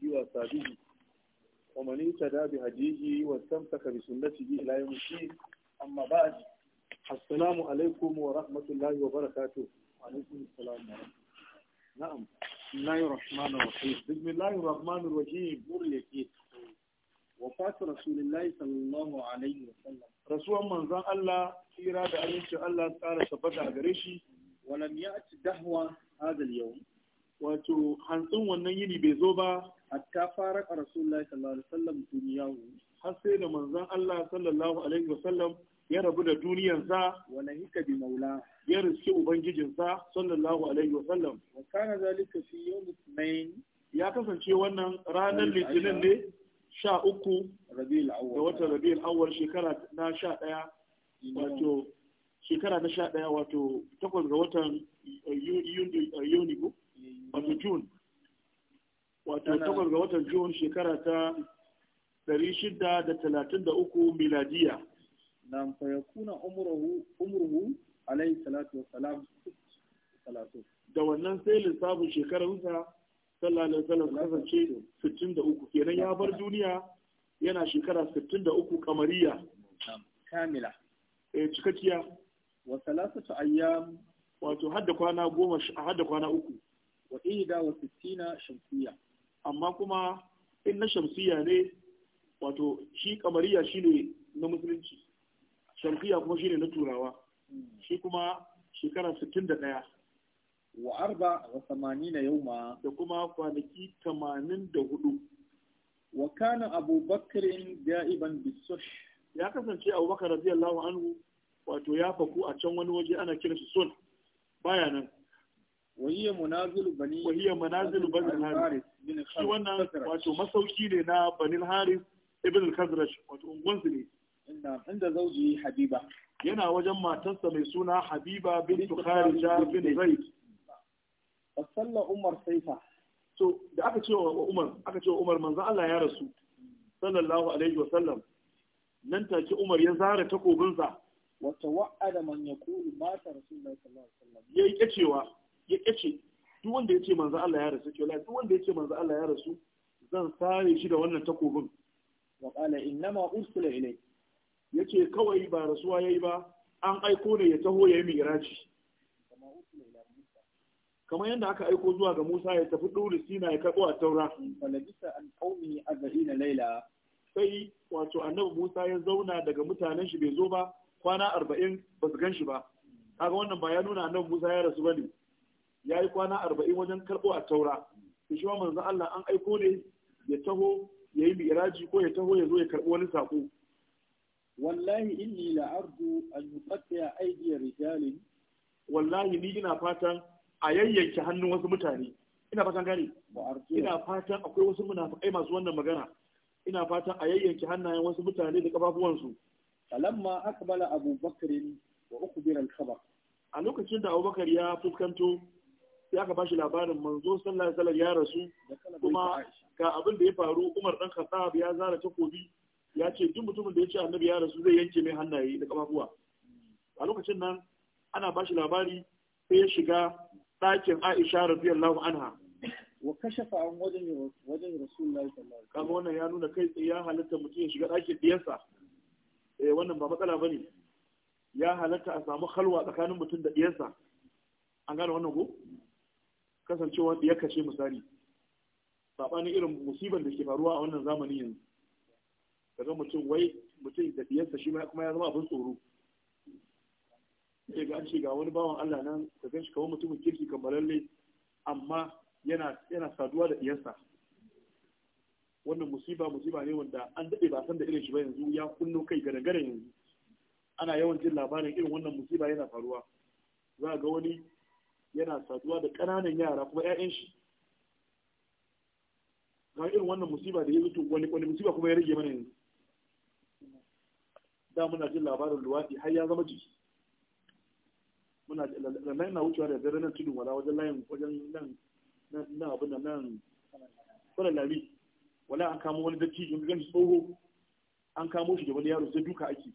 ji wasa ta dabi hajiji wasan ta kari sunnaci ji ilayen mushi amma ba a ji assalamu wa rahmatullahi wa barakatu alaikum salam wa na'am lai rahman wa rahim bismillahi rahman wa rahim burle ke wa fatu sallallahu alaihi wa sallam rasuwan manzon Allah kira da aminci Allah ya tsara shi bada gare shi wa lam ya'ti dahwa hadal yawm wato hantsin wannan yini bai zo ba hatta fara rasulullahi sallallahu alaihi wasallam duniyahu har sai da manzon Allah sallallahu alaihi wasallam ya rabu da duniyansa wa bi maula ya riski ubangijinsa sallallahu alaihi wasallam wa kana zalika fi yawm ithnain ya kasance wannan ranar litinin ne sha uku da watan rabi'ul awwal shekara na sha ɗaya wato shekara na sha wato takwas ga watan yuni wato june wato takwas ga watan Jun shekara ta 633 miladiya. Na fa kuna umruhu umruhu alayhi salatu wa salam salatu. Da wannan sai lissafin shekarunsa sallallahu alaihi wasallam kasance 63 kenan ya bar duniya yana shekara 63 kamariya. Kamila. Eh cikakkiya. Wa ta ayyam wato hadda kwana goma hadda kwana uku. Wa ida wa sittina shamsiyya. amma kuma in na shamsiya ne wato shi kamariya shine na musulunci shamsiya kuma shine na turawa shi kuma shekara 61 wa arba wa yau ma. da kuma kwanaki 84 wa kana abubakar ga'iban bisosh ya kasance abubakar radiyallahu anhu wato ya faku a can wani waje ana kira shi sun baya nan wahiyar manazilu bani wahiyar manazilu bani haris shi wannan wato masauki ne na banin haris ibn al-khazraj wato ne inda zauji habiba yana wajen matarsa mai suna habiba bin tukharija bin zaid sallar umar saifa so da aka ce wa umar aka ce wa umar manzo Allah ya rasu sallallahu alaihi wa sallam nan take umar ya zara takobinsa wata wa'ada man yaqulu rasulullahi sallallahu alaihi wa sallam yayi kacewa ya kace duk wanda ya ce manzo Allah ya rasu ce duk wanda ya ce manzo Allah ya rasu zan sare shi da wannan takobin wa qala innama ursila ilay yace kawai ba rasuwa yayi ba an aiko ne ya taho yayi miraji kamar yadda aka aiko zuwa ga Musa ya tafi duri Sina ya karbo a Taura falabisa an qawmi arba'ina layla sai wato annabi Musa ya zauna daga mutanen shi bai zo ba kwana arba'in ba su gan shi ba kaga wannan ba ya nuna annabi Musa ya rasu bane ya yi kwana arba'in wajen karɓo a taura to shi ma Allah an aiko ne ya taho ya yi miraji ko ya taho ya zo ya karɓi wani saƙo wallahi inni la'ardu an yuqatta aydiya rijalin wallahi ni ina fatan a yayyanke hannun wasu mutane ina fatan gani. ina fatan akwai wasu munafikai masu wannan magana ina fatan a yayyanke hannayen wasu mutane da kafafuwansu falamma akbala abubakar wa ukhbira al-khabar a lokacin da abubakar ya fuskanto sai aka bashi labarin manzo sallallahu alaihi wasallam ya rasu kuma ga abin da ya faru Umar dan Khattab ya zara takobi ya ce duk mutumin da ya ce annabi ya rasu zai yanke mai hannaye da kafafuwa a lokacin nan ana bashi labari sai ya shiga ɗakin Aisha radiyallahu anha wa kashafa an wajen wajen Rasulullahi sallallahu alaihi wasallam wannan ya nuna kai tsaye ya halatta mutum ya shiga ɗakin diyarsa eh wannan ba matsala bane ya halatta a samu khalwa tsakanin mutum da diyarsa an gane wannan ko kasancewa da ya kashe misali sabanin irin musibar da ke faruwa a wannan zamani yanzu ga mutum wai mutum da biyarsa shi kuma ya zama abin tsoro sai ga an ce ga wani bawan Allah nan ka gan shi kawai mutumin kirki kammalalle amma yana yana saduwa da biyarsa. wannan musiba musiba ne wanda an daɗe ba san da irin shi ba yanzu ya kunno kai gare-gare yanzu ana yawan jin labarin irin wannan musiba yana faruwa za ga wani yana saduwa da ƙananan yara kuma 'ya'yan shi ga irin wannan musiba da ya zuto wani wani musiba kuma ya rage mana yanzu da muna jin labarin luwaɗi har ya zama jiki muna nan na wucewa da dare nan tudun wala wajen layin wajen nan nan abin da nan kwanan lami wala an kamo wani dattijo in gani tsoho an kamo shi da wani yaro sai duka ake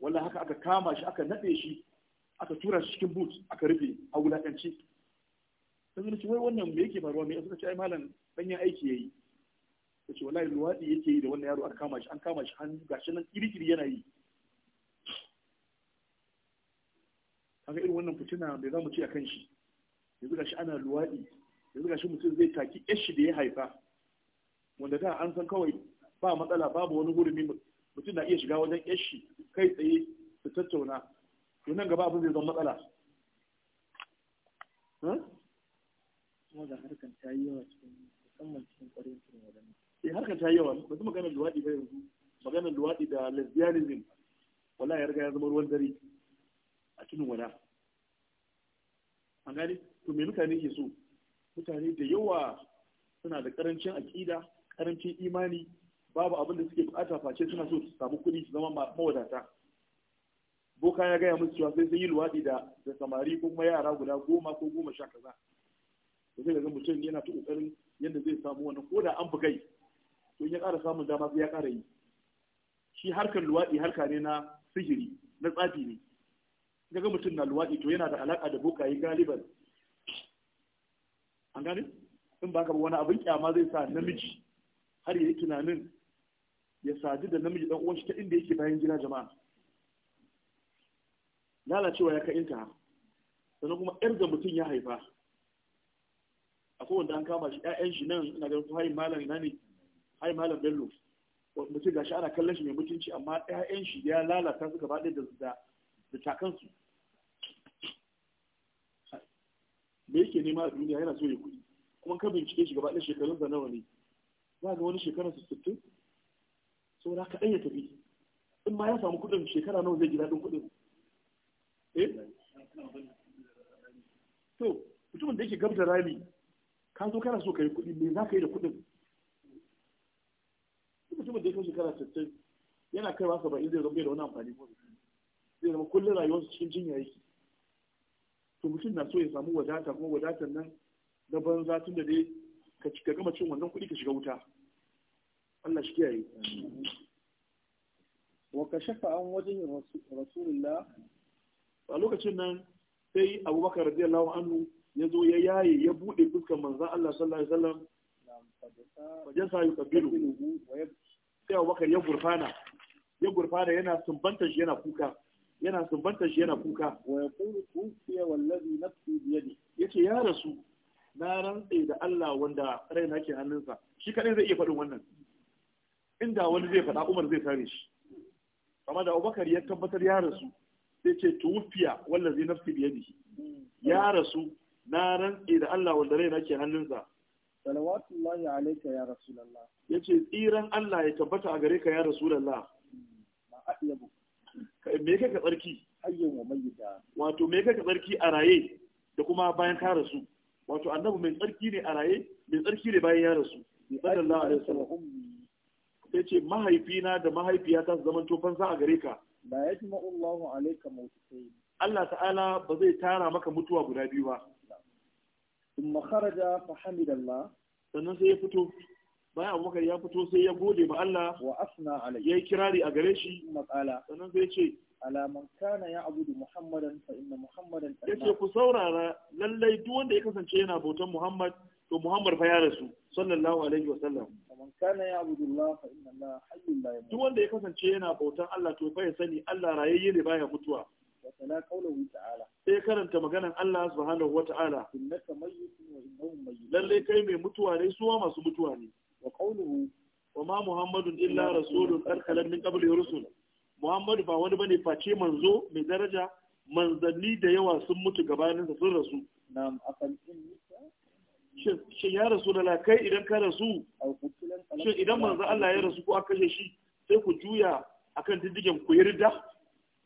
wala haka aka kama shi aka naɗe shi aka tura shi cikin boot aka rufe a wulaƙanci sun zai ce wai wannan me yake faruwa me suka ce ai malam danyen aiki yayi ta ce wallahi luwaɗi yake yi da wannan yaro aka kama shi an kama shi hannu gashi nan kirikiri yana yi kaga irin wannan fitina bai za mu ci a kan shi yanzu gashi ana luwaɗi yanzu gashi mutum zai taki yar shi da ya haifa wanda da an san kawai ba matsala babu wani gurumi mutum na iya shiga wajen yar shi kai tsaye su tattauna to nan gaba abin zai zama matsala kuma harkar ta yi yawa cikin musamman cikin eh harkar ta yi yawa ba su maganar luwaɗi ba yanzu maganar luwaɗi da lesbianism wala ya riga ya zama ruwan dare a cikin wada an gani, to me mutane ke so mutane da yawa suna da karancin aƙida karancin imani babu abin da suke bukata face suna so su samu kuɗi su zama mawadata Ko boka ya gaya musu cewa sai sun yi luwaɗi da da samari ko kuma yara guda goma ko goma sha kaza to sai ga mutum yana ta kokarin yadda zai samu wannan ko da an bugai to ya ƙara samun dama sai ya ƙara yi shi harkar luwaɗi harka ne na sihiri na tsafi ne daga mutum na luwaɗi to yana da alaƙa da bokaye galiban an gane in ba ka ba wani abin kyama zai sa namiji har ya yi tunanin ya sadu da namiji dan uwan shi ta inda yake bayan gida jama'a lalacewa ya kai ta sannan kuma yar da mutum ya haifa akwai wanda an kama shi ƴaƴan shi nan ina ganin ko malam ina ne hayin malam bello mutum shi ana kallon shi mai mutunci amma ƴaƴan shi ya lalata suka gaba ɗaya da da takansu me yake nema a duniya yana so ya kuɗi kuma ka bincike shi gaba ɗaya shekarun sa nawa ne za ga wani shekara su sittin saboda kaɗan ya tafi in ma ya samu kuɗin shekara nawa zai ji daɗin kuɗin Eh? to mutumin da yake gab da rami ka zo kana so ka yi kuɗi me za ka yi da kuɗin mutumin da yake kai shekara 60 yana kai ba inda zai zama da wani amfani ko zai zama kullum rayuwarsa cikin jinya yake to mutum na so ya samu wadata kuma wadatar nan na banza tun da dai ka cika gama cin wannan kuɗi ka shiga wuta Allah shi kiyaye wa kashafa an wajen rasulullah a lokacin nan sai abubakar radiyallahu anhu ya zo ya yaye ya buɗe fuskar manzan Allah sallallahu alaihi wasallam wajen sa yuqabbilu sai abubakar ya gurfana ya gurfana yana sumbantar shi yana kuka yana sumbantar shi yana kuka wa yaqulu tufiya wallazi nafsi bi yace ya rasu na rantse da Allah wanda raina ke hannunsa shi kadai zai iya faɗin wannan inda wani zai faɗa Umar zai tare shi amma da Abubakar ya tabbatar ya rasu sai ce tuwufiya wallazi nafsi biyadihi hmm. ya rasu na rantsi da Allah wanda raina ke hannunsa salawatullahi alayka ya rasulullah yace tsiran Allah ya tabbata a gare ka ya rasulullah hmm. ma aqlabu me kake tsarki hayyan wa mayyita wato me kake tsarki a raye da kuma bayan ka rasu wato annabi mai tsarki ne a raye mai tsarki ne bayan ya rasu sallallahu alaihi wasallam sai ce mahaifina da mahaifiyata su zaman tofan sa a gare ka la yajma'u Allahu alayka mawtitayn Allah ta'ala ba zai tara maka mutuwa guda biyu ba thumma kharaja fa hamidallah sannan sai ya fito bayan abubakar ya fito sai ya gode ma Allah wa asna alayhi yayi kirari a gare shi maqala sannan sai ya ce ala man kana ya'budu muhammadan fa inna muhammadan yace ku saurara lallai duk wanda ya kasance yana bautan muhammad to Muhammad fa ya rasu sallallahu alaihi wa sallam man kana ya abudullah fa inna Allah hayyun la yamut duk wanda ya kasance yana bautan Allah to fa ya sani Allah rayayye ne baya mutuwa wa tala qawluhu ta'ala sai karanta maganan Allah subhanahu wa ta'ala innaka mayyitun wa innahum mayyitun lalle kai mai mutuwa ne suwa masu mutuwa ne wa qawluhu wa ma muhammadun illa rasulun arkalan min qabli rusul muhammad ba wani bane face manzo mai daraja manzanni da yawa sun mutu gabaninsa sun rasu na'am in shi ya rasu da kai idan ka rasu shi idan manzo Allah ya rasu ko aka kashe shi sai ku juya akan diddigen ku yarda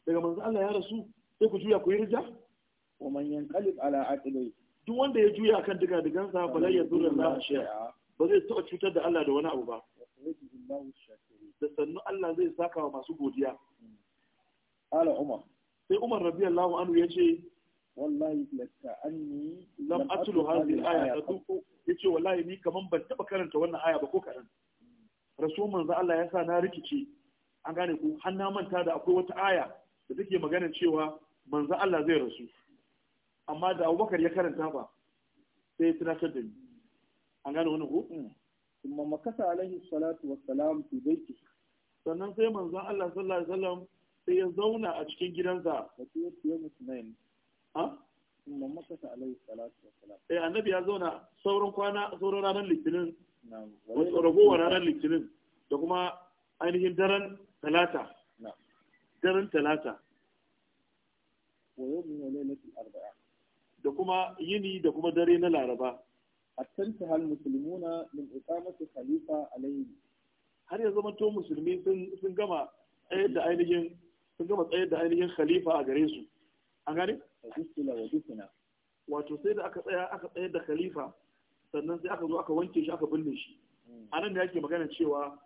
daga manzo Allah ya rasu sai ku juya ku yarda wa man yanqalib ala aqli duk wanda ya juya akan diga digan sa bala ya zura Allah shi ba zai taɓa cutar da Allah da wani abu ba da sannu Allah zai saka wa masu godiya ala umar sai umar radiyallahu anhu ce. wallahi latta anni lam atlu hadhihi al-aya qatu yace wallahi ni kaman ban taba karanta wannan aya ba ko karan rasul manzo Allah ya sa na rikice an gane ku har na manta da akwai wata aya da take magana cewa manzo Allah zai rasu amma da Abubakar ya karanta ba sai ya tunatar da ni an gane wannan ko kuma mm. makasa alaihi salatu wassalam fi baiti sannan sai manzo Allah sallallahu alaihi wasallam sai ya zauna a cikin gidansa eh annabi ya zauna sauran kwana sauran ranar litinin wasu ragowar ranar litinin da kuma ainihin daren talata daren talata da kuma yini da kuma dare na laraba attanta hal musulmuna min iqamati khalifa alayhi har ya zama to musulmi sun gama tsayar da ainihin sun gama tsayar da ainihin khalifa a gare su an gane fadusila wa dufina wato sai da aka tsaya aka tsayar da khalifa sannan sai aka zo aka wanke shi aka binne shi hmm. a nan da yake magana cewa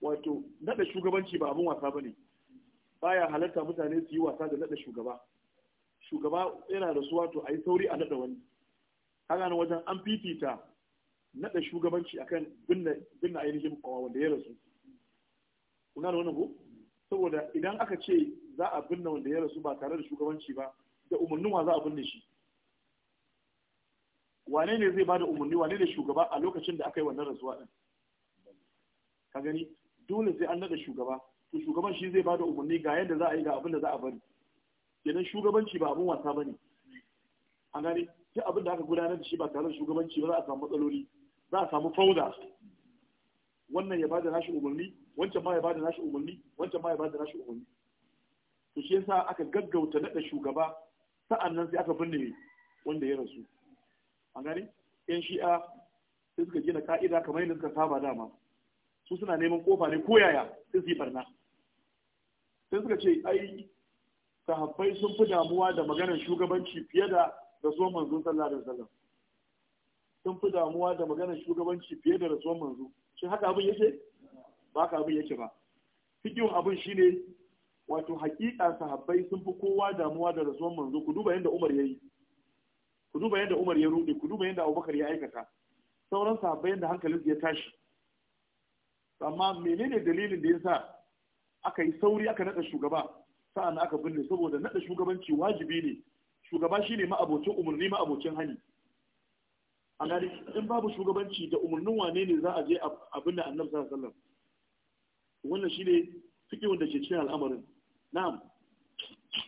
wato nada shugabanci ba abin wasa bane baya halarta mutane su yi wasa da nada shugaba shugaba yana da su wato a yi sauri a nada wani haka nan wajen an fifita nada shugabanci akan binne ainihin kowa wanda ya rasu kuna da wannan ko saboda idan aka ce za a binne wanda ya rasu ba tare da shugabanci ba da umarnin wa za a binne shi wane ne zai bada umarni wane ne shugaba a lokacin da aka yi wannan rasuwa din ka gani dole sai an nada shugaba to shugaban shi zai bada umarni ga yadda za a yi ga abin da za a bari kenan shugabanci ba abin wasa bane an gani sai abin da aka gudanar da shi ba tare da shugabanci ba za a samu matsaloli za a samu fauda wannan ya ba da nashi umarni wancan ma ya ba da nashi umarni wancan ma ya ba da nashi umarni to shi yasa aka gaggauta nada shugaba sa'an nan sai aka binne wanda ya rasu an gani yan shi'a sai suka gina ka'ida kamar yadda suka saba dama su suna neman kofa ne ko yaya sai su yi barna sai suka ce ai sahabbai sun fi damuwa da maganar shugabanci fiye da da rasuwan manzon sallallahu alaihi wasallam sun fi damuwa da maganar shugabanci fiye da da rasuwan manzo shi haka abin yake ba haka abin yake ba Fikin abin shine wato hakika sahabbai sun fi kowa damuwa da rasuwar manzo ku duba yadda Umar yayi ku duba yadda Umar ya rude ku duba yadda Abubakar ya aikata sauran sahabbai yadda hankalin ya tashi amma menene dalilin da yasa aka yi sauri aka nada shugaba sa'an aka binne saboda nada shugabanci wajibi ne shugaba shine ma'abocin umarni ma'abocin hani a gari in babu shugabanci da umarnin wane ne za a je a binne annabi sallallahu alaihi wasallam wannan shine fikin da ke cikin al'amarin na'am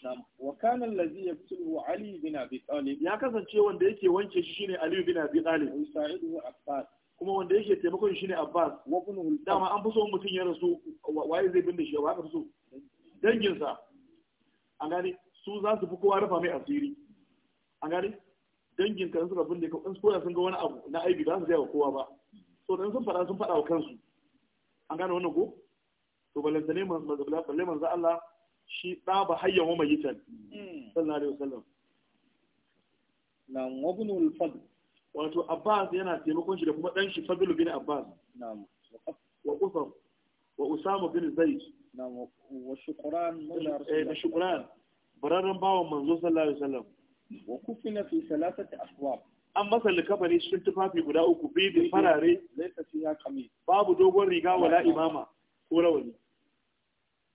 na'am wa kana allazi yabtilu ali bin abi talib ya kasance wanda yake wanke shi shine ali bin abi talib Sa'iduhu abbas kuma wanda yake taimakon shi ne abbas wa kunu dama an fi so mutum ya rasu waye zai binne shi wa ka so danginsa an gani su za su fi kowa rufa mai asiri an gani dangin ka su rabin binne ka in koya sun ga wani abu na aibi ba su ga wa kowa ba so dan sun fara sun fada wa kansu an gani wannan ko to balantane manzo balle manzo Allah shi ba hayyan wa mayitan hmm. sallallahu alaihi wasallam na wa ibn fadl wato abbas yana taimakon shi da kuma dan shi fadl bin abbas na'am wa usam wa usama bin zaid na'am wa shukran eh, da shukran bararren bawan manzo sallallahu alaihi wasallam wa kufina fi salasati aswab an masa likafani cikin tufafi guda uku bibin farare babu dogon riga wala imama ko rawani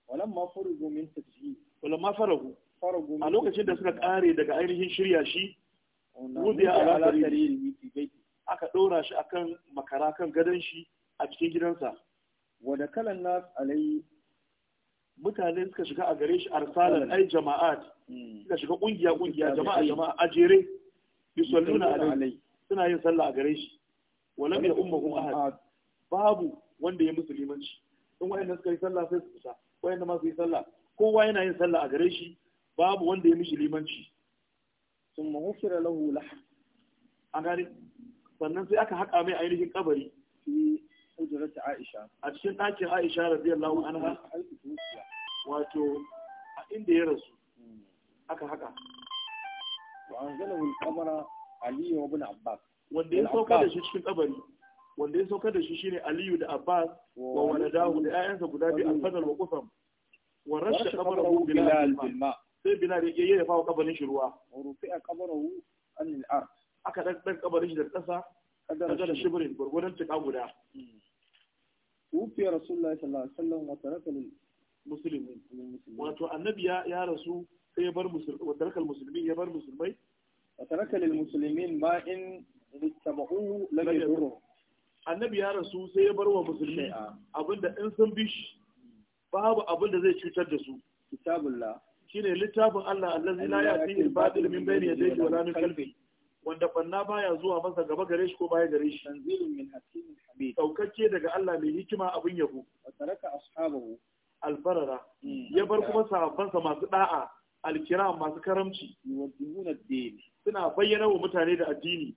walamma faragu min tajhi walamma faragu faragu a lokacin da suka kare daga ainihin shirya shi wudiya ala sariri aka dora shi akan makara kan gadon shi a cikin gidansa wa da kalan nas alai mutane suka shiga a gare shi arsalan ai jama'at hmm. suka shiga kungiya kungiya jama'a jama'a a jere yusalluna alai suna yin sallah a gare shi walam ya ummuhum ahad babu wanda ya musulmanci in wayannan suka yi sallah sai su fita wayanda ma su yi sallah kowa yana yin sallah a gare shi babu wanda ya mishi limanci sun mahufira lahu la. a gari sannan sai aka haƙa mai ainihin kabari fi Aisha a cikin ɗakin Aisha radiyallahu anha wato a inda ya rasu aka haƙa wa anzalahu al-qamara Ali ibn Abbas wanda ya sauka da shi cikin kabari wanda ya sauka da shi shine Aliyu da Abbas wa waladahu da ƴaƴansa guda biyu a fadar wa Qusam wa rasha qabarahu bilal bil ma sai bilal ya yayyafa wa kabarin shi ruwa wa rufi'a qabarahu an al ard aka dan dan kabarin shi da kasa kadar shibrin gurgurdan tuka guda wufiya rasulullahi sallallahu alaihi wasallam wa taraka lil muslimin wato annabi ya rasu sai ya bar musulmi wa taraka al muslimin ya bar musulmai wa taraka lil muslimin ma in ittaba'uhu lam yadurru annabi ya rasu sai ya bar wa musulmi abinda in sun bi shi babu abin da zai cutar da su kitabullah shine littafin Allah allazi la ya'tihi al-batil min bayni yadayhi wala min kalbi. wanda fanna baya zuwa masa gaba gare shi ko baya gare shi tanzilun min hakimin hamid daukacce daga Allah mai hikima abin yabo wa taraka ashabahu albarara hmm. ya bar kuma sahabbansa masu da'a alkiram masu karamci yuwaddihuna dini. suna bayyana wa mutane da addini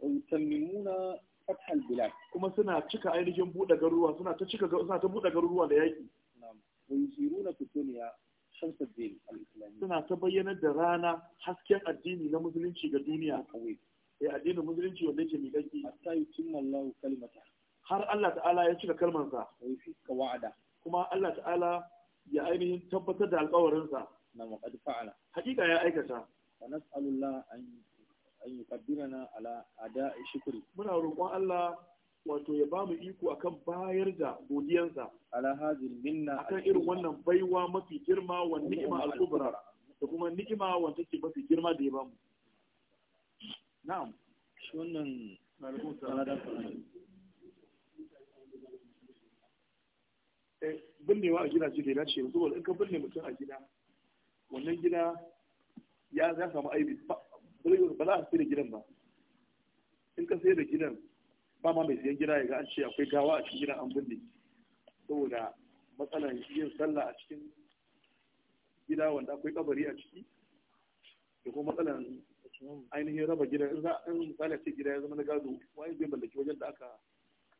wa fathal bilad kuma suna cika ainihin buɗe garuruwa suna ta cika suna ta buɗe garuruwa da yaki wa yusiruna fi dunya shamsa al-islamiyya suna ta bayyanar da rana hasken addini na musulunci ga duniya kawai eh addinin musulunci wanda yake miƙaƙi hatta yutimma Allahu kalimata har Allah ta'ala ya cika kalmar sa wa yufika wa'ada kuma Allah ta'ala ya ainihin tabbatar da alƙawarin sa na maqad fa'ala hakika ya aikata wa nas'alullah an an yuqaddirana ala muna rokon Allah wato ya bamu iko akan bayar da godiyansa ala hazil minna akan irin wannan baiwa mafi girma wa ni'ima al-kubra da kuma ni'ima wanda take mafi girma da ya bamu na'am shi wannan eh, binnewa a gidaje da dace ce, wanda in ka binne mutum a gida wannan gida ya za samu aibi ba za a sai da gidan ba in ka sai da gidan ba ma mai siyan gida ya ga an ce akwai gawa a cikin gidan an binne saboda matsalar yin sallah a cikin gida wanda akwai kabari a ciki da kuma matsalar ainihin raba gida in za a misali ce gida ya zama na gado wani zai mallaki wajen da aka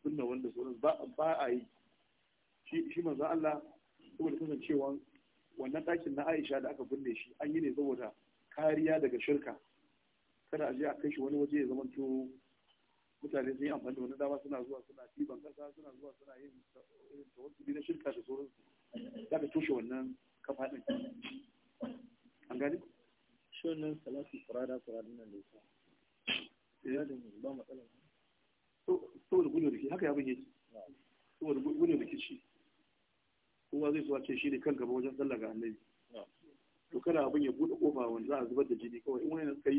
binne wanda sauran ba a yi shi manzo Allah saboda kasancewa wannan ɗakin na Aisha da aka binne shi an yi ne saboda kariya daga shirka kada a je a kai shi wani waje ya zama to mutane sun yi amfani da wani dama suna zuwa suna ɗiban ƙasa suna zuwa suna yin tawassuli na shirka da sauransu za ka toshe wannan kafa ɗin an gani? shi wannan salatu furada furada nan da ita ya da eh. ba matsala saboda gudun rikici haka ya buge saboda gudun rikici kowa zai zuwa ce shi ne kan gaba wajen sallah ga annabi to kada abin ya buɗe kofa wanda za a zubar da jini kawai in wani na suka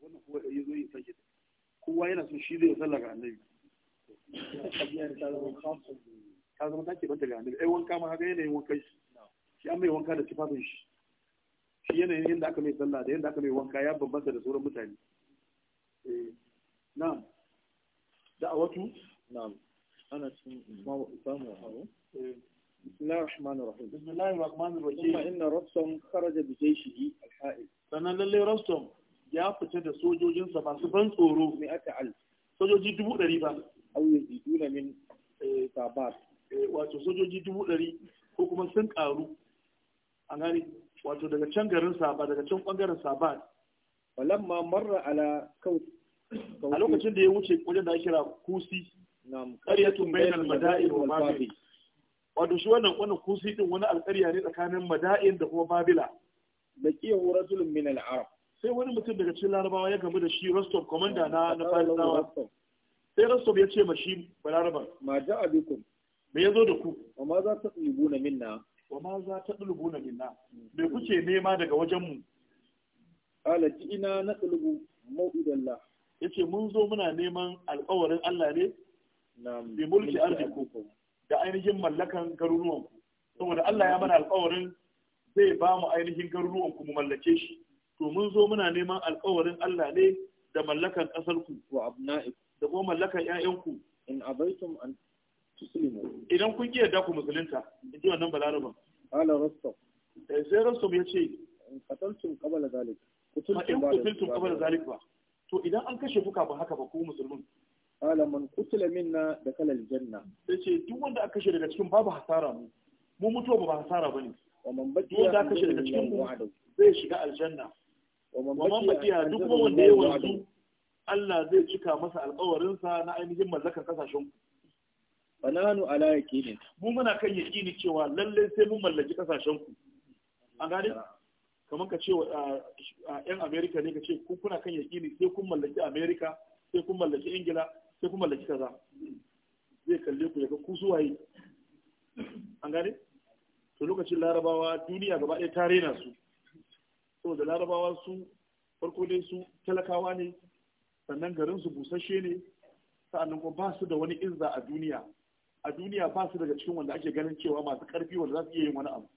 wannan kuma ya zo ya sake ta kowa yana so shi zai sallah ga annabi ta zama take banta ga annabi ai wanka ma haka yanayin wanka shi shi an mai wanka da tufafin shi shi yanayin yadda aka mai sallah da yadda aka mai wanka ya bambanta da sauran mutane eh, na'am da'awatu na'am ana cin samu hawo بسم الله الرحمن الرحيم بسم الله الرحمن الرحيم ثم إن ربسهم خرج بجيشه الحائل فأنا للي ربسهم ya fita da sojojinsa masu ban tsoro ne aka al sojoji dubu ɗari ba auye eh, sabat eh, wato sojoji dubu ɗari ko kuma sun ƙaru a gani wato daga can garin sabat daga can ɓangaren sabat walamma marra ala a lokacin da ya wuce wajen da kira kusi ƙaryatun mada'in wa babil wato shi wannan wannan kusi din wani alƙarya ne tsakanin mada'in da kuma babila laqiyahu rajulun min al-arab sai wani mutum daga cikin larabawa ya gamu da shi rostov komanda na na farisawa sai rostov ya ce ma shi ma ja abikum me ya zo da ku wa ma za ta ɗulubu na minna wa ma za ta ɗulubu na minna mm. me kuke nema daga wajenmu ala ina na ɗulubu mau'idallah ya ce mun zo muna neman alƙawarin Allah ne bi mulki arziku da ainihin mallakan garuruwanku saboda Allah ya mana alƙawarin zai ba mu ainihin garuruwanku mu mallake shi to mun zo muna neman alƙawarin Allah ne da mallakan ƙasar ku wa abna'ikum da kuma mallakan ƴaƴan ku in abaitum an tuslimu idan kun ki yarda ku musulunta in ji wannan balaraban qala rasul eh, sai rasul ya ce in qataltum qabla zalik kutultum qabla zalik ba to idan an kashe kuka ba haka ba ku musulmin qala man qutila minna dakala aljanna yace duk wanda aka kashe daga cikin babu hasara mu mu mutuwa ba hasara bane wa man badiya kashe daga cikin mu zai shiga aljanna ومن duk wanda ya wanzu Allah zai cika masa alƙawarinsa na ainihin mallakar kasashen ku bananu ala yaqinin mu muna kan yaqini cewa lalle sai mun mallaki kasashen ku an gane kamar ka ce yan America ne ka ce ku kuna kan yaqini sai kun mallaki America sai kun mallaki Ingila sai kun mallaki kaza zai kalle ku ya ga ku yi. an gane to lokacin larabawa duniya gaba ɗaya ta rena su da larabawa su farko dai su talakawa ne sannan garin su busasshe ne sa'annan kuma ba su da wani izza a duniya a duniya ba su daga cikin wanda ake ganin cewa masu karfi wanda za su iya yin wani abu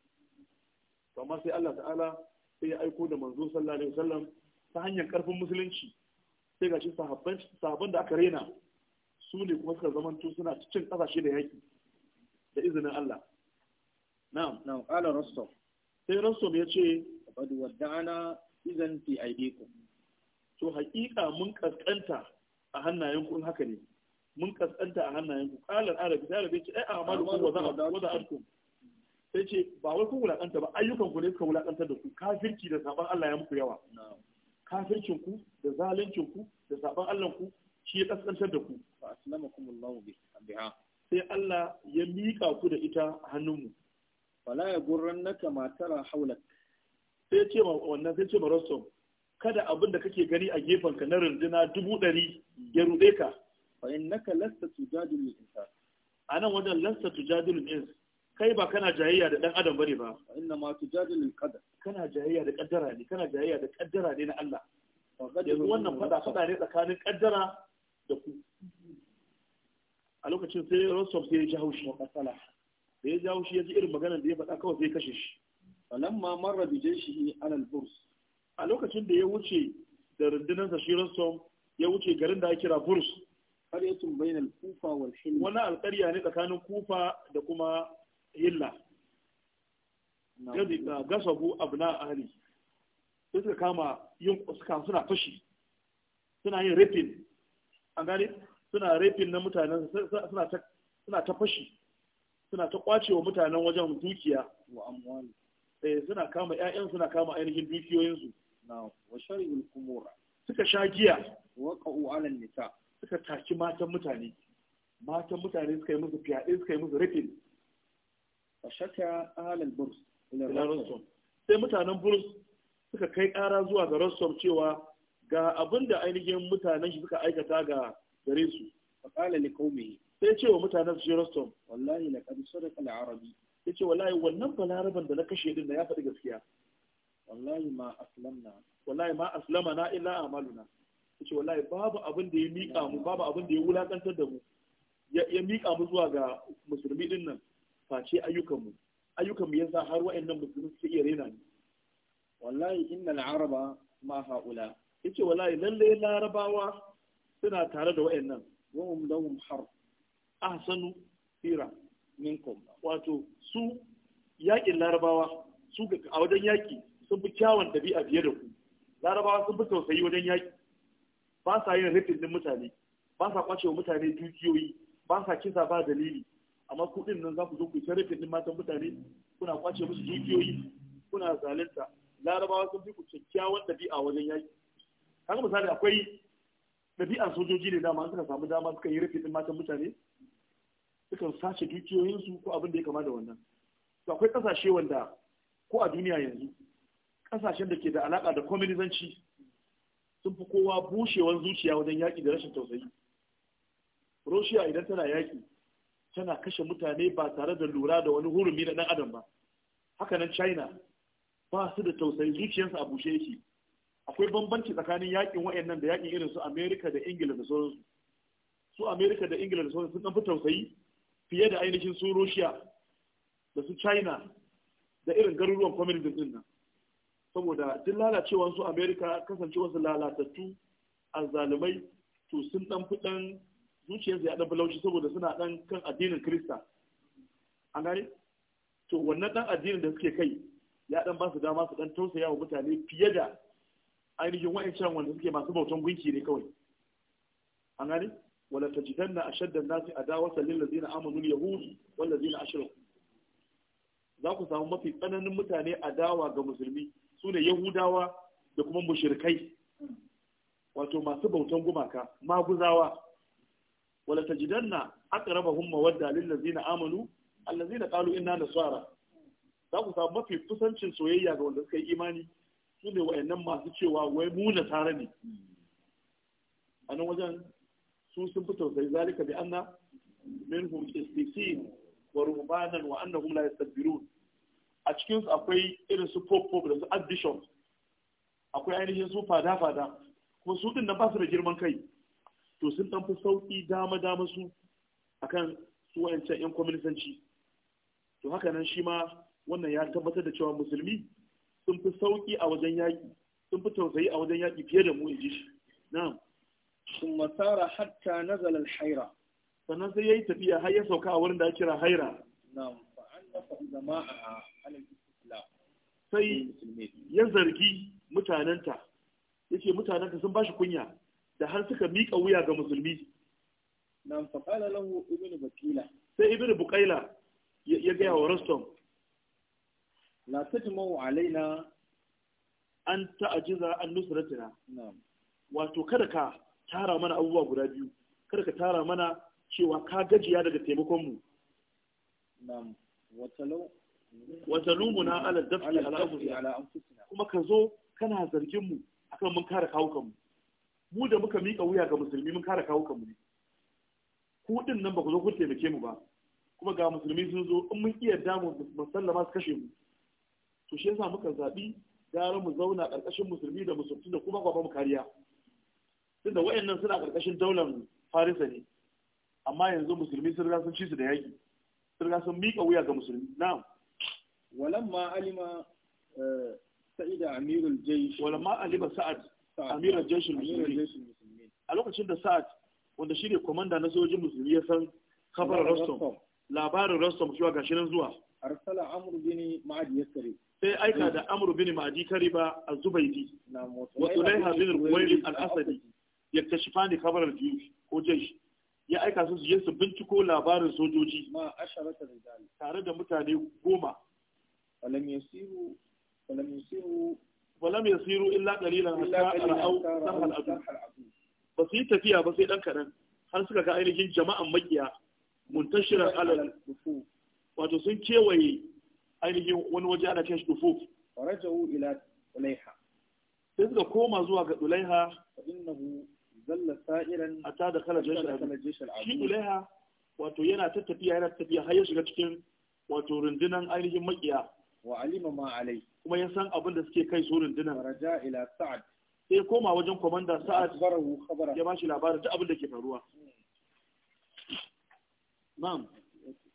amma sai Allah ta'ala sai ya aiko da manzo sallallahu alaihi wasallam ta hanyar karfin musulunci sai shi sahabban sahabban da aka rena su ne kuma suka zamanto suna cikin kasashe da yaki da izinin Allah na'am na'am qala rasul sai rasul ya ce faqad wadda'ana idan fi aydikum to haƙiƙa mun kaskanta a hannayen kun haka ne mun kaskanta a hannayen ku qalan arabi da arabi ce ai amalu ku wada wada arkum sai ce ba wai kun wulakanta ba ayyukan ku ne suka wulakantar da ku kafirci da saban Allah ya muku yawa kafircin ku da zaluncin ku da saban Allah ku shi ya kaskantar da ku fa bi biha sai Allah ya miƙa ku da ita a hannunmu. Fala ya gurran naka matara haulak. sai ce ma wannan sai ce ma Rostom kada abin da kake gani a gefen ka na runduna dubu ɗari ya ruɗe ka fa innaka lasta tujadilu insa anan wajen lasta tujadilu insan kai ba kana jayayya da dan adam bane ba inna ma tujadilu qadar kana jayayya da kaddara ne kana jayayya da kaddara ne na Allah yanzu wannan fada fada ne tsakanin kaddara da ku a lokacin sai Rostom sai ya ji haushi Sai ya ji haushi ya ji irin maganar da ya faɗa kawai sai ya kashe shi falamma marra bi jayshihi ne al-burs a lokacin da ya wuce da rundunar sa shi ya wuce garin da ake kira burs qaryatun bainal kufa wal hilm wani alƙarya ne tsakanin kufa da kuma hilla gasabu abna ahli sai suka kama yin kuskan suna fashi suna yin rafin an gani suna rafin na mutanen suna ta fashi suna ta wa mutanen wajen dukiya wa amwali Eh, suna kama ƴaƴan suna kama ainihin dukiyoyinsu. na wa shari'ul kumura suka sha giya wa qa'u nisa suka taki matan mutane matan mutane suka yi musu fyaɗe suka yi musu rikin. a shaka alal burus. ila rasul sai mutanen burus suka kai ƙara zuwa ga rasul cewa ga abin da ainihin mutanen shi suka aikata ga gare su fa ne kome. sai cewa mutanen su rasul wallahi laqad sadaqa da arabi ya ce wallahi wannan balaraban da na kashe din da ya faɗi gaskiya wallahi ma aslamna wallahi ma na illa amaluna ya ce wallahi babu abin da ya miƙa mu babu abin da ya wulaƙantar da mu ya miƙa mu zuwa ga musulmi din nan face ayyukanmu mu yasa har wa'annan musulmi suke iya rena ni wallahi innal araba ma haula yace wallahi lalle larabawa suna tare da wa'annan wa hum lahum har ahsanu sira minkum wato su yakin larabawa su a wajen yaki sun fi kyawun ɗabi'a biye da ku larabawa sun fi tausayi wajen yaki ba sa yin rufin din mutane ba sa kwace wa mutane dukiyoyi ba sa kisa ba dalili amma kuɗin nan za ku zo ku sai rufin din matan mutane kuna kwace musu dukiyoyi kuna zalunta larabawa sun fi ku kyakkyawan dabi'a wajen yaki kaga misali akwai dabi'a sojoji ne dama suka samu dama suka yi rufin din matan mutane sukan sace dukiyoyinsu ko abin da ya kama da wannan to akwai kasashe wanda ko a duniya yanzu kasashen da ke da alaka da kwamilizanci sun fi kowa bushewar zuciya wajen yaƙi da rashin tausayi roshiya idan tana yaƙi tana kashe mutane ba tare da lura da wani hurumi na ɗan adam ba hakanan china ba su da tausayi zuciyarsa a bushe yake akwai bambanci tsakanin yaƙin wa'annan da yaƙin irin su amerika da ingila da sauransu su amerika da ingila da sauransu sun fi tausayi fiye da ainihin su Russia da su China da irin garuruwan communism din nan saboda duk lalacewar su America kasancewar su lalatattu azzalumai to sun dan fi dan zuciyarsu ya dan bulauci saboda suna dan kan addinin Kirista an gane to wannan dan addinin da suke kai ya dan ba su dama su dan tausaya wa mutane fiye da ainihin wa'ancan wanda suke masu bautan gunki ne kawai an gane wala تجدن ashadda الناس nasi للذين lil اليهود والذين al-yahud سامو ladina ashraku za ku samu mafi tsananin mutane adawa ga musulmi sune yahudawa da kuma mushrikai wato masu bautan gumaka maguzawa wala tajidanna aqrabahum mawadda lil ladina amanu allazina qalu inna nasara za ku samu mafi kusancin soyayya ga wanda suka yi imani sune ne masu cewa wai mu nasara ne anan wajen su sun fi tausayi zalika bi anna minhum istisin wa ruhbanan wa annahum la yastakbirun a cikin su akwai irin su pop pop da su addition akwai ainihin su fada fada kuma su din nan ba su da girman kai to sun dan fi sauki dama dama su akan su wayancan yan kwaminisanci to haka nan shi ma wannan ya tabbatar da cewa musulmi sun fi sauki a wajen yaƙi sun fi tausayi a wajen yaki fiye da mu in ji shi na'am sun masara hatta nazal al-haira sannan sai yayi tafiya har ya sauka a wurin da kira haira sai ya zargi mutananta yace mutananta sun bashi kunya da har suka mika wuya ga musulmi na'am fa qala lahu ibnu bukila sai ibnu bukaila ya ga wa rastom la tajma'u alaina an ta'jiza an nusratina na'am wato kada ka tara mana abubuwa guda biyu kada ka tara mana cewa ka gajiya daga taimakon mu na ala dafi kuma ka zo kana zargin mu akan mun kare kawukanmu, mu da muka mika wuya ga musulmi mun kare kawukanmu mu ne ku din nan ba ku zo ku taimake mu ba kuma ga musulmi sun zo in mun iya damu mu sallama su kashe mu to shi yasa muka zaɓi, gara mu zauna karkashin musulmi da musulmi da kuma ba mu kariya tunda da wa'annan suna ƙarƙashin daular farisa ne amma yanzu musulmi sun riga sun ci su da yaƙi sun riga sun miƙa wuya ga musulmi na'am walamma alima eh, sa'ida amirul jaysh ma alima sa'ad amirul jaysh musulmi a lokacin da sa'ad wanda shine komanda na sojin musulmi ya san kafar rostom labarin rostom cewa gashi nan zuwa arsala amru bin ma'ad yasri sai aika da amru bin ma'adi kariba az-zubaydi wa tulaiha bin ruwayl al-asadi ya shifa ne kabarar jiyushi ko jeshi ya aika su je su binciko labarin sojoji ma tare da mutane goma walam yasiru walam illa qalilan hatta ra'aw sahal adu ba su yi tafiya ba sai dan kaɗan. har suka ga ainihin jama'an makiya muntashiran alal wato sun kewaye ainihin wani waje ana kai shi dufu farajau ila ulaiha sai suka koma zuwa ga ulaiha ظل سائرا hatta دخل الجيش العربي shi لها wato yana ta tafiya yana har ya shiga cikin wato rundunan ainihin makiya wa alima ma alai kuma ya san abin da suke kai su rundunan raja ila sa'ad sai koma wajen komanda sa'ad ya bashi shi labarin abin da ke faruwa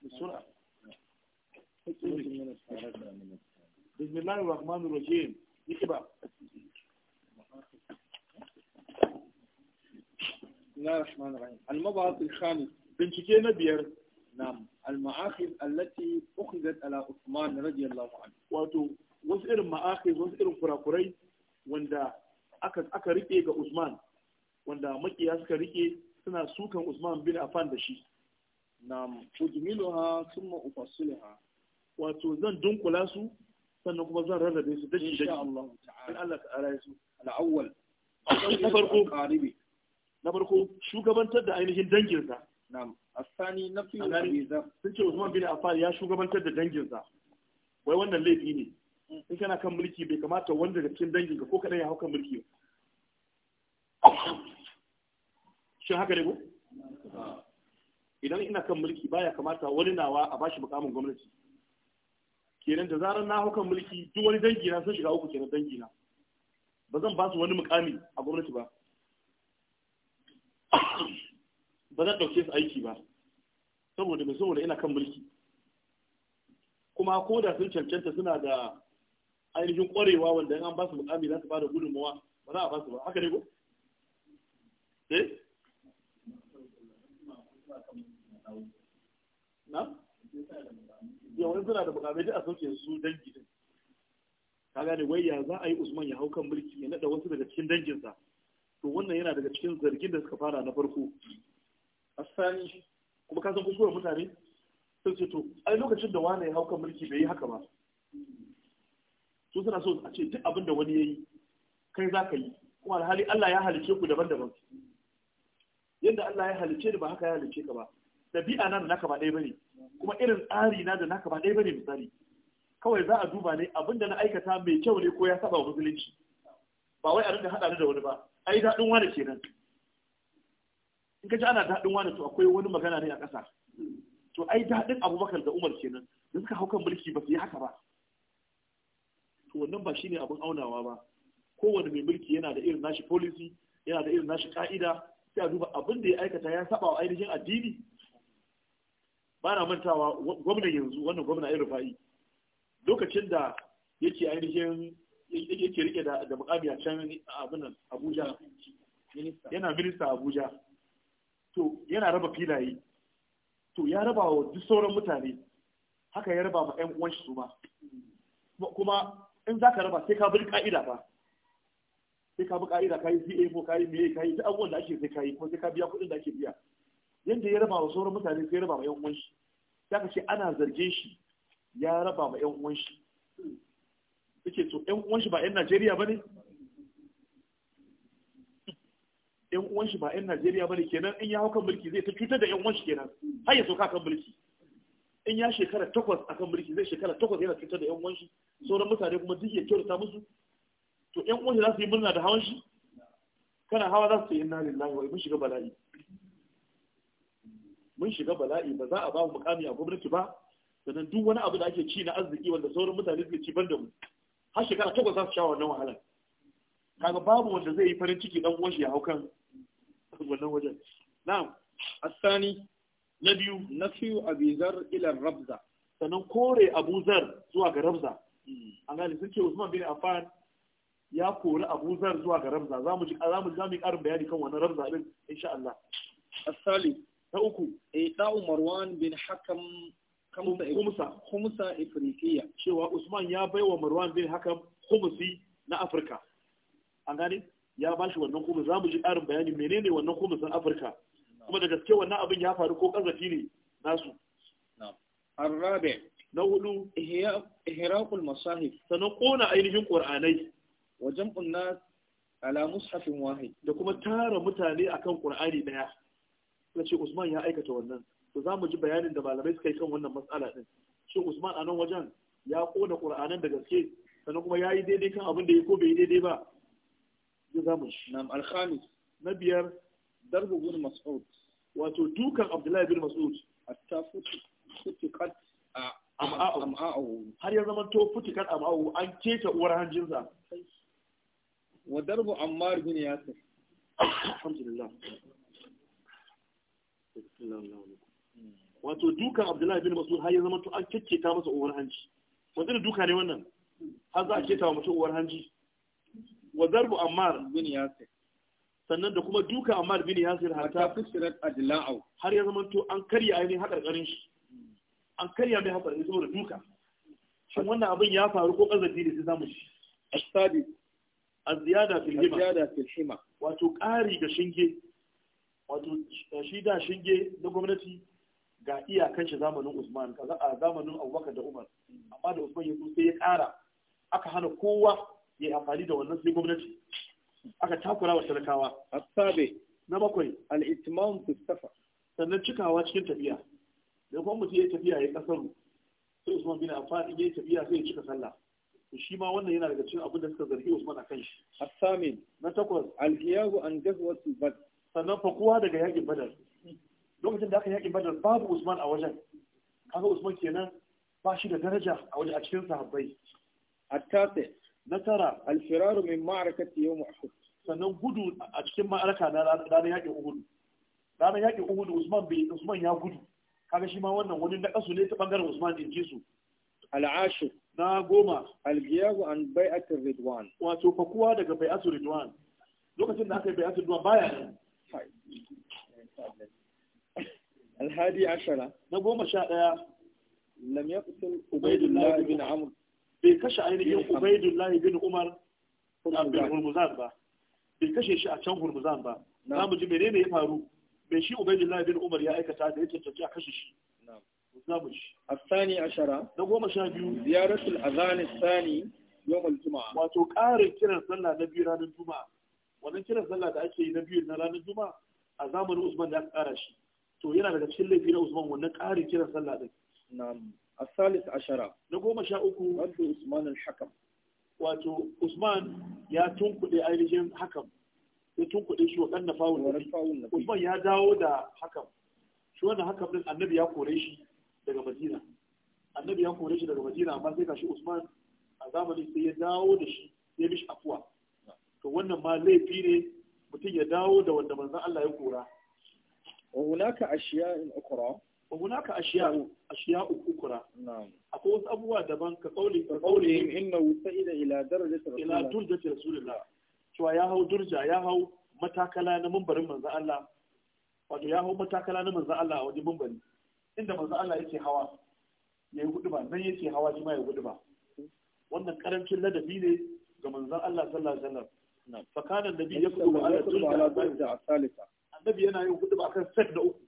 بسرعة بسم الله الرحمن الرحيم na rahman rahim al-mabahat al-khamis bincike na biyar nam al-ma'akhid allati ukhidat ala Uthman radiyallahu wato wasu irin ma'akhid wasu irin kurakurai wanda aka aka rike ga Usman wanda makiya suka rike suna sukan Usman bin Afan da shi nam ujmiluha thumma ufassilaha wato zan dunkula su sannan kuma zan rarrabe su dashi da Allah ta'ala in farko na farko shugabantar da ainihin danginsa na asani nafi abiza sun ce Usman bin Affan ya shugabantar da danginsa wai wannan laifi ne mm. in kana kan mulki bai kamata wanda daga cikin danginka ko kaɗai ya hau kan mulki shin haka ne ko idan ina kan mulki baya kamata wani nawa a bashi mukamin gwamnati kenan da zarar na hau kan mulki duk wani dangina sun shiga uku kenan dangina. ba zan ba su wani mukami a gwamnati ba ba zan ɗauke su aiki ba saboda mai saboda ina kan mulki kuma ko da sun cancanta suna da ainihin ƙwarewa wanda an ba su mukami za su ba da gudunmawa ba za a ba su ba haka ne ko? Eh? na? yawon suna da mukamai duk a sauke su dangi din ka gane wai ya za a yi usman ya hau kan mulki ya naɗa wasu daga cikin danginsa to wannan yana daga cikin zargin da suka fara na farko asani kuma ka san mutane sun ce to ai lokacin da wane ya hau kan mulki bai yi haka ba su suna so a ce duk abin da wani ya yi kai za ka yi kuma alhali Allah ya halice ku daban-daban yadda Allah ya halice ni ba haka ya halice ka ba dabi'a na da naka ba ɗaya bane kuma irin tsari na da naka ba ɗaya bane misali kawai za a duba ne abin da na aikata mai kyau ne ko ya saba musulunci ba wai a rinka haɗa ni da wani ba ai daɗin wani kenan in ka ji ana daɗin wani to akwai wani magana ne a ƙasa to ai daɗin abubakar da umar kenan da suka hau kan mulki ba su yi haka ba to wannan ba shine abin aunawa ba kowane mai mulki yana da irin nashi policy yana da irin nashi ka'ida sai a duba abin da ya aikata ya saba wa ainihin addini ba na mantawa gwamna yanzu wannan gwamna irin rufa'i lokacin da yake ainihin yake rike da mukami a can abin nan abuja yana minista abuja to yana raba filaye to ya raba wa duk sauran mutane haka ya raba ma 'yan uwan shi su ma kuma in za ka raba sai ka bi ka'ida ba sai ka bi ka'ida ka yi CA ko ka yi MA ka yi duk abubuwan da ake sai ka yi ko sai ka biya kuɗin da ake biya yanda ya raba wa sauran mutane sai ya raba ma 'yan uwan shi za ka ce ana zarge shi ya raba ma 'yan uwan shi yake to 'yan uwan shi ba 'yan Najeriya ba ne yan uwan shi ba yan Najeriya bane kenan in ya hau kan mulki zai ta cutar da yan uwan shi kenan har ya soka kan mulki in ya shekara takwas a kan mulki zai shekara takwas yana cutar da yan uwan shi sauran mutane kuma duk ya kyautata musu to yan uwan shi za su yi murna da hawan shi kana hawa za su yi inna lillahi wa mun shiga bala'i mun shiga bala'i ba za a ba mu mukami a gwamnati ba sannan duk wani abu da ake ci na arziki wanda sauran mutane suke ci ban da mu har shekara takwas za su sha wannan wahalar kaga babu wanda zai yi farin ciki dan uwan shi ya hau kan wannan wajen na'am asani na biyu na abizar ila rabza sannan kore abuzar zuwa ga rabza hmm. an gane sun ce usman bin affan ya kori abuzar zuwa ga rabza za mu ji za mu ji karin bayani kan wannan rabza din insha Allah asali ta uku da marwan bin hakam kamusa kamusa ifriqiya cewa usman ya baiwa marwan bin hakam kumsi na afirka an gane ya ba shi wannan kuma za mu ji ƙarin bayani menene wannan kuma san afirka kuma da gaske wannan abin ya faru ko ƙazafi ne nasu arabe na hudu ihraqul masahif sanan kona ainihin qur'anai wa jam'un nas ala mushafin wahid da kuma tara mutane akan qur'ani daya ce Usman ya aikata wannan to za mu ji bayanin da malamai suka yi kan wannan matsala din shi Usman a nan wajen ya kona qur'anan da gaske sannan kuma ya yi daidai kan abin da ya ko bai daidai ba zamu nam alhamis na biyar darbu bin mas'ud wato dukan abdullahi bin mas'ud ta hatta futikat am'a'u har ya zama to futikat am'a'u an keta uwar hanjinsa wa darbu ammar bin yasir alhamdulillah wato duka abdullahi bin mas'ud har ya zama to an kekketa masa uwar hanji wanda duka ne wannan har za a keta wa mutum uwar hanji wa zarbu ammar bin yasir sannan da kuma duka ammar bin yasir hatta fusirat ajla'u har ya zama to an karya ainihin hakarkarin shi an karya mai hakarkarin da duka shin wannan abin ya faru ko kazafi ne sai zamu shi asadi aziyada fil hima aziyada fil hima wato ƙari ga shinge wato shi da shinge na gwamnati ga iyakan shi zamanin Usman kaza a zamanin Abubakar da Umar amma da Usman ya sai ya ƙara aka hana kowa ya amfani da wannan sai gwamnati aka takura wa talakawa asabe na bakwai al su fi sannan cikawa cikin tafiya da kuma mutum ya tafiya ya kasar sai Usman bin Affan ya tafiya sai ya cika sallah shi ma wannan yana daga cikin abin da suka zargi Usman a kan shi asamin na takwas al an an ghazwati badr sannan fa daga yakin badar lokacin da aka yakin badar babu Usman a wajen kaga Usman kenan ba shi da daraja a wajen a cikin sahabbai A tasi na tara alfiraru min ma'arakati yawm uhud sannan gudu a cikin ma'araka na ranar yaƙin uhud ranar yaƙin uhud usman bai usman ya gudu kaga shi ma wannan wani na kasu ne ta ɓangaren usman din su. al'ashir na goma al giyahu an bai'atir ridwan wato fakuwa daga bai'atir ridwan lokacin da aka yi bai'atir ridwan baya nan الهادي عشرة نقوم شاء لم يقتل عبيد الله بن عمرو bai kashe ainihin Ubaidullah bin Umar bin Hurmuzan ba bai kashe shi a can Hurmuzan ba za mu ji menene ya faru bai shi Ubaidullah bin Umar ya aikata da ya cancanci a kashe shi نعم الثاني عشرة نقوم شابيو زيارة الأذان الثاني Wato الجمعة kiran sallah na biyu ranar Juma'a. wannan kiran sallah da ake yi na biyu na ranar juma'a a zamanin usman da aka kara shi to yana daga cikin laifi na usman wannan ƙarin kiran sallah din na'am الثالث عشر نقوم شاء أكو رد عثمان الحكم wato Usman ya tunkuɗe ainihin hakan ya tunkuɗe shi wa ƙanna fawun Usman ya dawo da hakan shi wannan hakan din annabi ya kore shi daga Madina annabi ya kore shi daga Madina amma sai kashi Usman a zamani sai ya dawo da shi ya mishi afuwa to wannan ma laifi ne mutum ya dawo da wanda manzon Allah ya kora wa hunaka ashiya'in ukra wa hunaka ashiya'u ashiya'u ukra akwai wasu abubuwa daban ka kauli ka kauli inna sa'ida ila ya hau durja ya hau matakala na mumbarin manzo Allah wato ya hau matakala na manzo Allah a wajen mumbari inda manzo Allah yake hawa ya yi hudu nan yake hawa shi ya hudu ba wannan karancin ladabi ne ga manzon Allah sallallahu alaihi wasallam fa ya kudu ala durja ala durja annabi yana yin hudu ba kan set da uku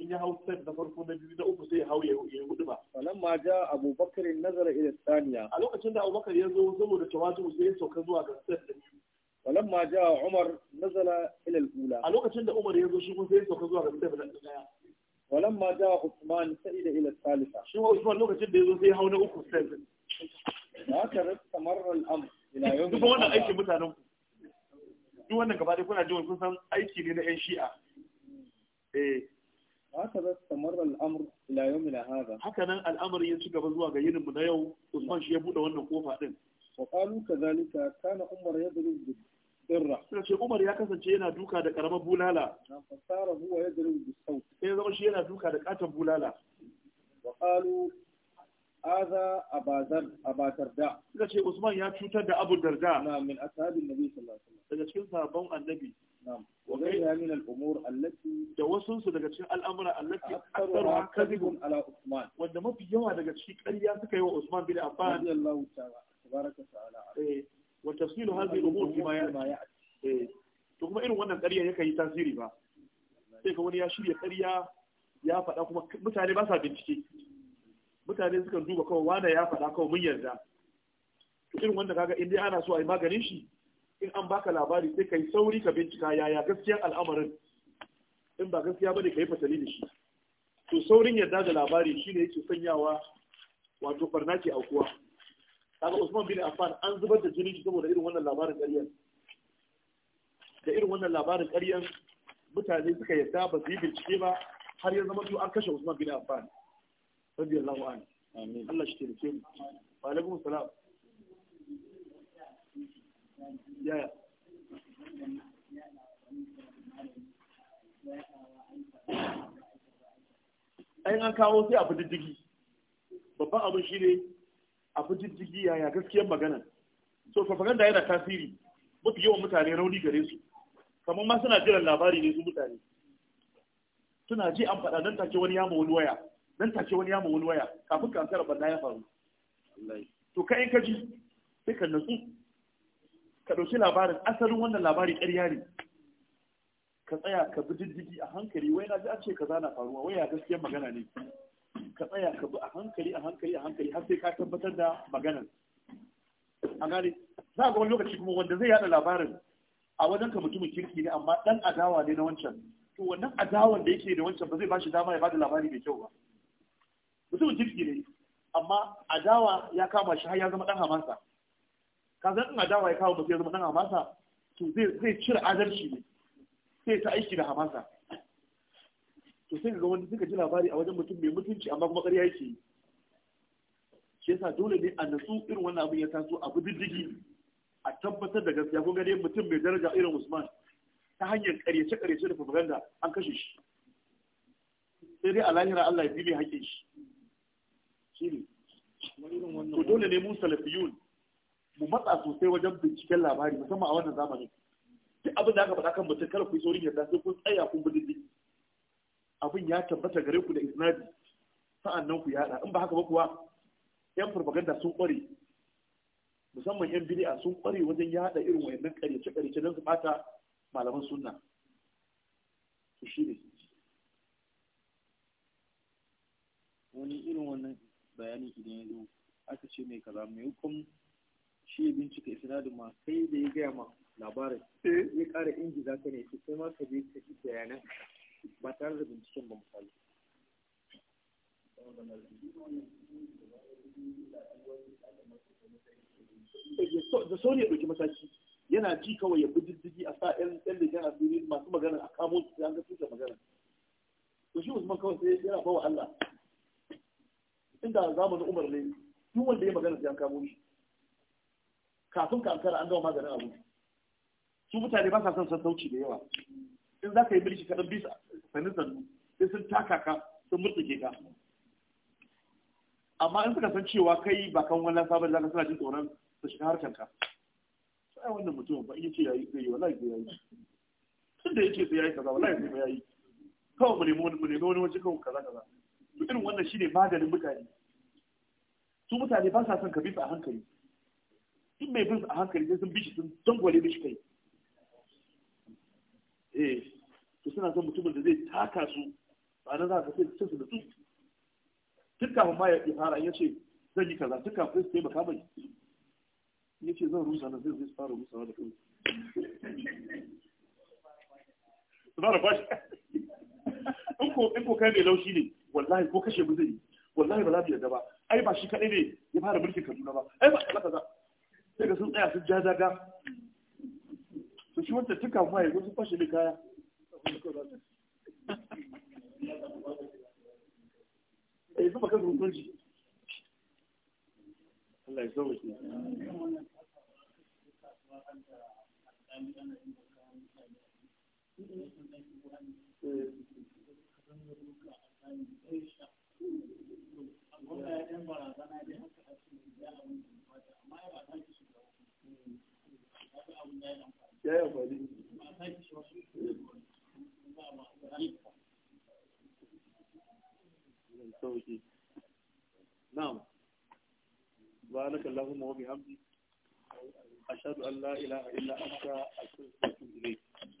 in ya hau step na farko na biyu na uku sai ya hau ya yi hudu ba. Wannan ma ja Abubakar nazara ila saniya. A lokacin da Abubakar ya zo saboda tawatu sai ya sauka zuwa ga step na biyu. Wannan ma ja Umar nazara ila al-ula. A lokacin da Umar ya zo shi kuma sai ya sauka zuwa ga step na daya. Wannan ma ja Uthman sa'ida ila salisa. Shi ma Usman lokacin da ya zo sai ya hau na uku step. ka rasta marar al'am. Duk wannan aikin mutanen ku. Duk wannan gaba ɗaya kuna jin kun san aiki ne na 'yan shi'a. Eh, haka za su samar al'amur ila yau mila haza haka nan ya gaba zuwa ga yinin mu na yau usman shi ya buɗe wannan kofa din wa qalu kadhalika kana umar yadrib sai ce umar ya kasance yana duka da karamar bulala na fasara huwa yadrib sai zama shi yana duka da katon bulala wa qalu aza abazar abatarda sai ce usman ya cutar da abu darda na min ashabin nabi sallallahu alaihi daga cikin sabon annabi وغيرها من الأمور التي دوسن daga cikin al'amura allati aktharuha kadhibun ala wanda mafi yawa daga cikin ƙarya suka yi wa bin Affan radiyallahu ta'ala tabaraka ta'ala eh wa tafsilu hadhihi al eh, to kuma irin wannan ƙarya yake yi tasiri ba sai ka wani ya shirya ƙarya ya faɗa kuma mutane ba sa bincike mutane sukan duba kawai wanda ya faɗa kawai mun yarda to irin wanda kaga in ana so a yi maganin shi in an baka labari sai kai sauri ka bincika yaya gaskiyar al'amarin in ba gaskiya bane kai fatali da shi to saurin yarda da labari shine yake sanyawa wato farna ke aukuwa kaga Usman bin Affan an zubar da jini saboda irin wannan labarin ƙaryan da irin wannan labarin ƙaryan mutane suka yadda ba su yi bincike ba har ya zama an kashe Usman bin Affan radiyallahu anhu amin Allah shi ke da ke mu wa alaikum salam yaya ai an kawo sai a diddigi babban abin shi ne abu diddigi yaya gaskiyar magana so propaganda yana tasiri mafi yawan mutane rauni gare su kamar ma suna jiran labari ne su mutane suna ji an faɗa nan take wani yamma wani waya nan take wani yamma wani waya kafin kansar banda ya faru to kai ka ji sai ka nasu ka ɗauki labarin asalin wannan labari ƙarya ne ka tsaya ka bi diddigi a hankali wai na ji an ce ka zana faruwa wai ya gaskiyar magana ne ka tsaya ka bi a hankali a hankali a hankali har sai ka tabbatar da maganar a gane za ga wani lokaci kuma wanda zai yada labarin a wajen ka mutumin kirki ne amma dan adawa ne na wancan to wannan adawan da yake da wancan ba zai ba shi dama ya bada labari mai kyau ba mutumin kirki ne amma adawa ya kama shi har ya zama dan hamasa kasan ina dawa ya kawo mutum ya zama dan hamasa to zai cire adalci ne sai ta aiki da hamasa to sai ga wanda suka ji labari a wajen mutum mai mutunci amma kuma ƙarya yake yi shi yasa dole ne a natsu irin wannan abin ya taso a bi diddigi a tabbatar da gaskiya ko gane mutum mai daraja irin Usman ta hanyar ƙaryace ƙaryace da propaganda an kashe shi sai dai a lahira Allah ya bi mai haƙƙin shi shi ne to dole ne mu salafiyun mu matsa sosai wajen binciken labari musamman a wannan zamanin duk abin da aka faɗa kan mutum kar ku yi saurin yarda sai kun tsaya kun bi diddigi abin ya tabbata gare ku da isnadi sa'an nan ku yaɗa. in ba haka ba kuwa yan farfaganda sun ƙware. musamman yan bid'a sun ƙware wajen yaɗa irin wayannan ƙarice ƙarice don su bata malaman sunna to shi ne wani irin wannan bayani idan ya zo aka ce mai kaza mai hukum shi ya bincika da ma sai da ya gaya ma labarin eh. ya kara inji za ka ne su sai ma ka je ka ji bayanan ba tare da binciken ba misali da so ne ɗauki mataki yana ji kawai ya bi diddigi a sa 'yan da leƙen asiri masu magana a kamo su an ga tuta magana to shi usman kawai sai yana bawa Allah inda zamanin umar ne duk wanda ya magana sai an kamo shi kafin ka ankara an gama maganin abu su mutane ba sa son sassauci da yawa in za ka yi mulki kaɗan bisa sannu sannu sai sun taka ka sun murtuke ka amma in suka san cewa kai ba kan wannan sabon ka suna jin tsoron su shiga harkar ka sai wannan mutum ba iya ce yayi zai yi wallahi zai yayi tun da yake sai yayi kaza wallahi zai yayi kawai mu nemi mu nemi wani waje kawai kaza kaza to irin wannan shine maganin mutane su mutane ba sa son ka bisa a hankali in mai bin a hankali sai sun bishi sun dangwale bishi kai eh to suna son mutumin da zai taka su ba na za ka sai su da su tun kafin ma ya fara ya ce zan yi kaza tun kafin su taimaka mai ya ce zan rusa na zai zai fara rusawa da kai su fara bashi in ko kai mai laushi ne wallahi ko kashe mu zai yi, wallahi ba za mu yarda ba ai ba shi kaɗai ne ya fara mulkin kaduna ba ai ba kaza kaza sai sun tsaya sun ja daga to shi wanda tuka kuma ya su fashe ne kaya eh zuba kan hukunci Allah ya sauke Thank eh. ya yi amfani sauki na'am ba na kallahu mawabi hamdi ashadu an la ilaha illa anta a